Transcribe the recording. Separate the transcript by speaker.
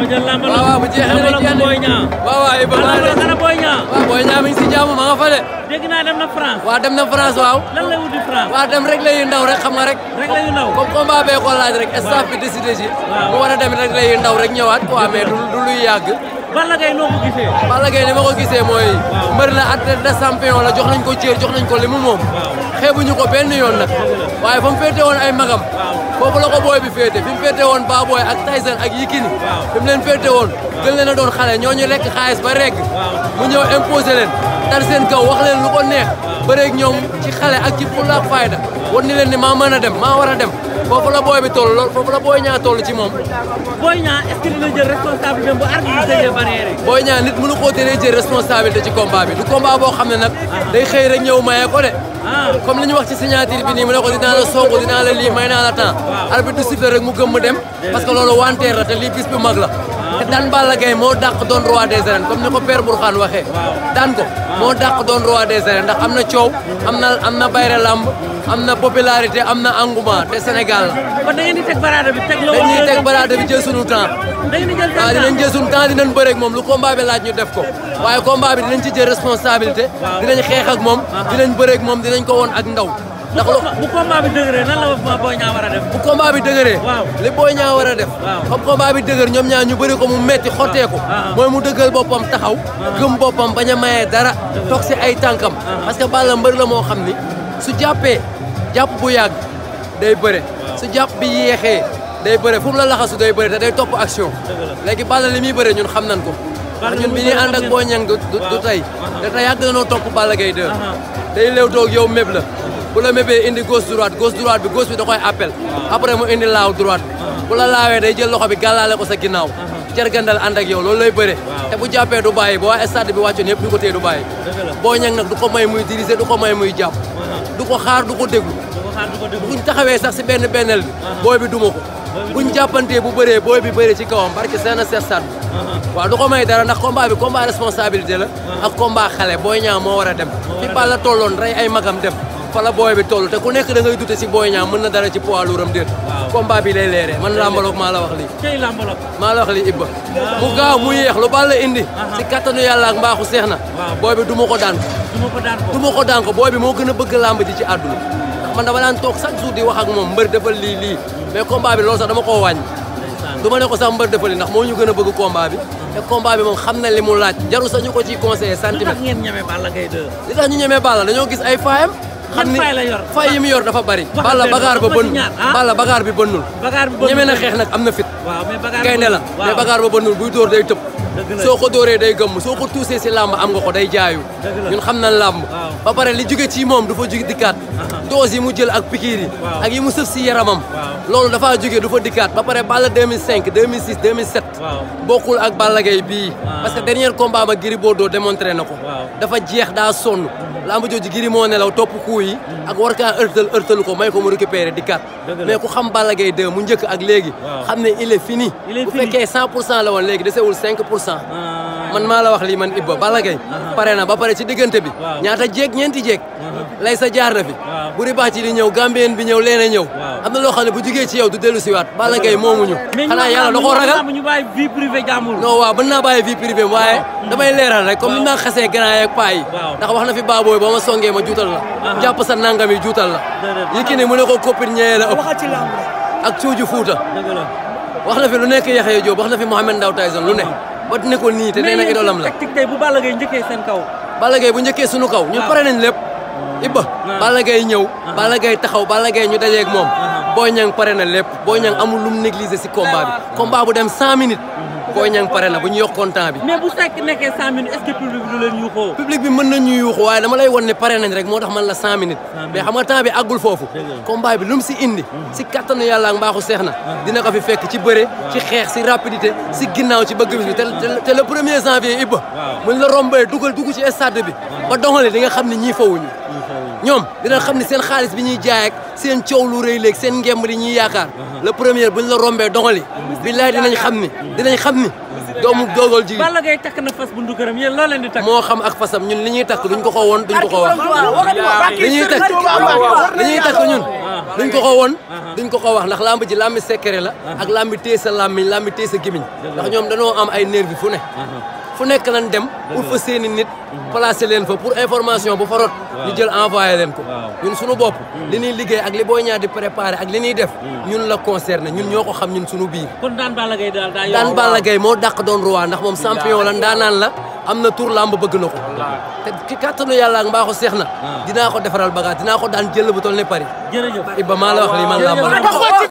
Speaker 1: dama jël lamba la waaw bu jeexee rek na waaw ma de na France waaw lan lay wuti France waaw dem rek lay ndaw rek xam nga rek rek ko laaj rek staff bi décidé ci bu a dem rek lay ndaw rek yàgg Balla Gaye noo ko gisee Balla Gaye ni ko gisee mooy mbër la athlète de champion la jox nañ ko cër jox nañ ko li mu moom xeebuñu ko benn yoon nag waaye fa mu féete woon ay magam foofu la ko booy bi féete fi mu féete woon ba booy ak Tyson ak Yekini fi mu leen féete woon gën leen a doon xale ñooñu lekk xaalis ba rekk mu ñëw imposé leen tar seen kaw wax leen lu ko neex bëreeg ñoom ci xale ak ci fulla ak fayda wan ni leen ni maa mën a dem maa war a dem foofu la booy bi toll lool foofu la booy ñaa toll ci moom. booy ñaa est-ce que dina jël responsabilité bu arbitre tëjee barrière yi. booy ñaa nit mënu koo tënee jël responsabilité ci combat bi du xam ne nag. Ah. day xëy rek ñëw maye ko de. Ah. comme li ñu wax ci signature bi nii mu ne ko dinaa la songu dinaa la lii may naa la temps arbitre du siffle rek mu gëm dem parce que loolu wanteer la te lii bis bu mag la te daan Balla Gaye moo dàq doon roi des arènes comme ni ko père Bourkhane waxee daan ko moo dàq doon roi des ndax am na coow am na am na bayre lamb am na popularité am na engouement te Sénégal la. kon da ngeen di teg baraada bi teg la dañuy teg baraada bi jël sunu temps. da ngeen di jël temps dinañ jël sunu temps dinañ bëre moom lu combat bi laaj ñu def ko. waaye ko bi dinañ ci jël responsabilité. dinañ xeex ak moom. dinañ bëre ak moom dinañ ko woon ak ndaw. ndax lu bu combat bi dëgëree lan la Boy Niang war a def bu combat bi dëgëree ya? waaw li Boy Niang war a def xam combat bi dëgër ñoom ñaar ñu bëri ko mu metti xotteeku mooy ah, ah. mu dëggal boppam taxaw ah. gëm boppam bañ a mayee dara toog si ay tànkam parce que Balla mbër la moo xam ni su jàppee jàpp bu yàgg day bëre su jàpp bi yeexee day bëre fu la laxasu day bëre day topp action léegi Balla li muy ñun xam nañ ko ñun bi ñuy ànd ak Boy du tey da tey yàgg na noo topp Balla Gaye 2 day léew toog yow méb bu la mébee indi gauche droite gauche droite bi gauche bi da koy appel ah. après mu indi laaw droite bi ah. bu la laawee day jël loxo bi gàllaale ko sa ginnaaw ah. cergandal ànd ak yow loolu lay bëre te bu jàppee du bàyyi ba waa stade bi wàccoon yëpp ñu ko téye du bàyyi boo ñag nag du ko may muy diriger du ko may muy jàpp du ko xaar du ko déglu buñ taxawee sax si benn bennel bi booy bi duma ko buñ jàppantee bu bëree booy bi bëree ci kawam barke seen a seestaan uh-huh. waaw du ko may dara ndax combat bi combat responsabilité la uh-huh. ak combat xale booy ñaa moo war a dem fi bal la tolloon rey ay magam dem fa booy bi toll te ku nekk da ngay dute si booy ñaa mën na dara ci poids lourd am déet combat bi lay leeree man làmbaloog maa la wax lii kay làmbaloog maa la wax lii ibba mu gaaw mu yéex lu bal la indi si uh-huh. kattanu yàlla ak mbaaxu seex na booy bi du ma ko daan ko du ko daan ko bi moo gën a bëgg làmb ji ci àdduna man dama daan toog chaque jour di wax ak moom mbër defal lii lii mais combat bi loolu sax dama koo wàññi du ne ko sax mbër defal lii ndax moo ñu gën a bëgg combat bi mm-hmm. te combat bi moom xam na li mu laaj jaru sax ñu ko ciy conseillé centimètre li tax ñu ñemee Balla dañoo gis ay faayam xam ni fay yor dafa bari Balla ah? bagaar bi bënnul ñeme na xeex nag am na fit gaynde la mais bagaar ba bënnul buy dóor day tëb soo ko dóoree day gëmm soo ko tuusee si làmb am nga ko day jaayu ñun xam na làmb ba pare li jóge ci moom dafa jóge dikkaat doos yi mu jël ak pikiir yi ak yi mu sëf si yaramam loolu dafaa jóge du fa dikkaat ba pare Balla 2005 2006 2007 bokkul ak Balla Gaye bii ah. parce que dernier combat ba Gris Bordeaux démontré na ko dafa jeex daa sonn lamb jooju giri moo nelaw topp kuu ak war kaa ërtal ërtalu ko may ko mu récupéré di kat mais ku xam Balla Gaye mu njëkk ak léegi xam ne il est fini bu fekkee 100 pour cent la woon léegi desewul 5 pour cent ah. man maa la wax li man Ibba Balla Gaye pare na ba pare ci diggante bi ñaata jeeg ñeenti jeeg lay sa jaar na fi bu ribaat yi di ñëw gambien bi ñëw leen a ñëw am na loo xam ne bu jugee ci yow du dellu si waat Balla Gaye moomuñu xanaa yàlla da koo ragal ñu bàyyi vie privée jàmbur non waaw mën naa bàyyi vie privée waaye damay leeral rek comme ni naa xasee grand yeeg paa yi ndax wax na fi baabooy boo ma songee ma juutal la jàpp sa nangam yi juutal la yi ki ne mu ne ko koppit ñëwee la ëpp ak cuuju fuuta wax na fi lu nekk Yaxya Joob wax na fi Mohamed Ndao Tyson lu ne ba ne ko nii te nee na idolam la tey bu Balla Gaye njëkkee seen kaw Balla Gaye bu njëkkee suñu kaw ñun pare nañ lépp Ibba Balla Gaye ñëw Balla Gaye taxaw Balla Gaye ñu dajeeg moom Boy Niang pare na lépp Boy Niang amul lum négliger si combat bi combat bu dem 100 minutes. Boy Niang pare na bu ñu yokkoon temps bi. mais bu fekk nekkee 100 minutes est bi du leen yuuxoo. yuuxu waaye dama lay won ne pare nañ rek moo tax man la 100 minutes. mais xam nga temps bi àggul foofu. bi lu si indi. si hmm. kattanu yàlla ak mbaaxu seex na. Ah. dina ko fi fekk ci bëre. ci xeex si rapidité si ah. ginnaaw ci bëgg bi te te le premier janvier Ibba. waaw mu la rombee dugal dugg ci stade bi. Ah. ba doxalee di xam ne ñii fawuñu ñoom dina xam ne seen xaalis bi ñuy jaay ak seen coow lu rëy léegi seen ngemb li ñuy yaakaar uh-huh. le premier buñ la rombee dongali billaay dinañ xam ni dinañ xam ni doomu dogal ji leen di moo xam ak fasam ñun li ñuy takk duñ ko ko woon duñ ko ko wax li ñuy takk li takk ñun duñ ko ko woon duñ ko ko wax ndax làmb ji làmbi secret la ak làmbi téye sa làmmiñ làmbi téye sa gémmiñ ndax ñoom dañoo am ay nervi fu ne fu nekk lañ dem ut fa seeni nit mhm. placé leen fa pour information bu fa rot ñu jël envoyé leen ko ñun sunu bopp mhm. li ñuy liggéey ak li boo ñaar di préparé ak li ñuy def mhm. ñun la concerné ñun ñoo ko xam ñun suñu biir kon daan Balla Gaye moo dàq doon roi ndax moom champion la ndaanaan la am na tour lamb bëgg na ko te ci kàttanu yàlla ak seex na ah. dinaa ko defaral bagage dinaa ko daan jël bu toll ne Paris jërëjëf Iba maa la wax lii man lamb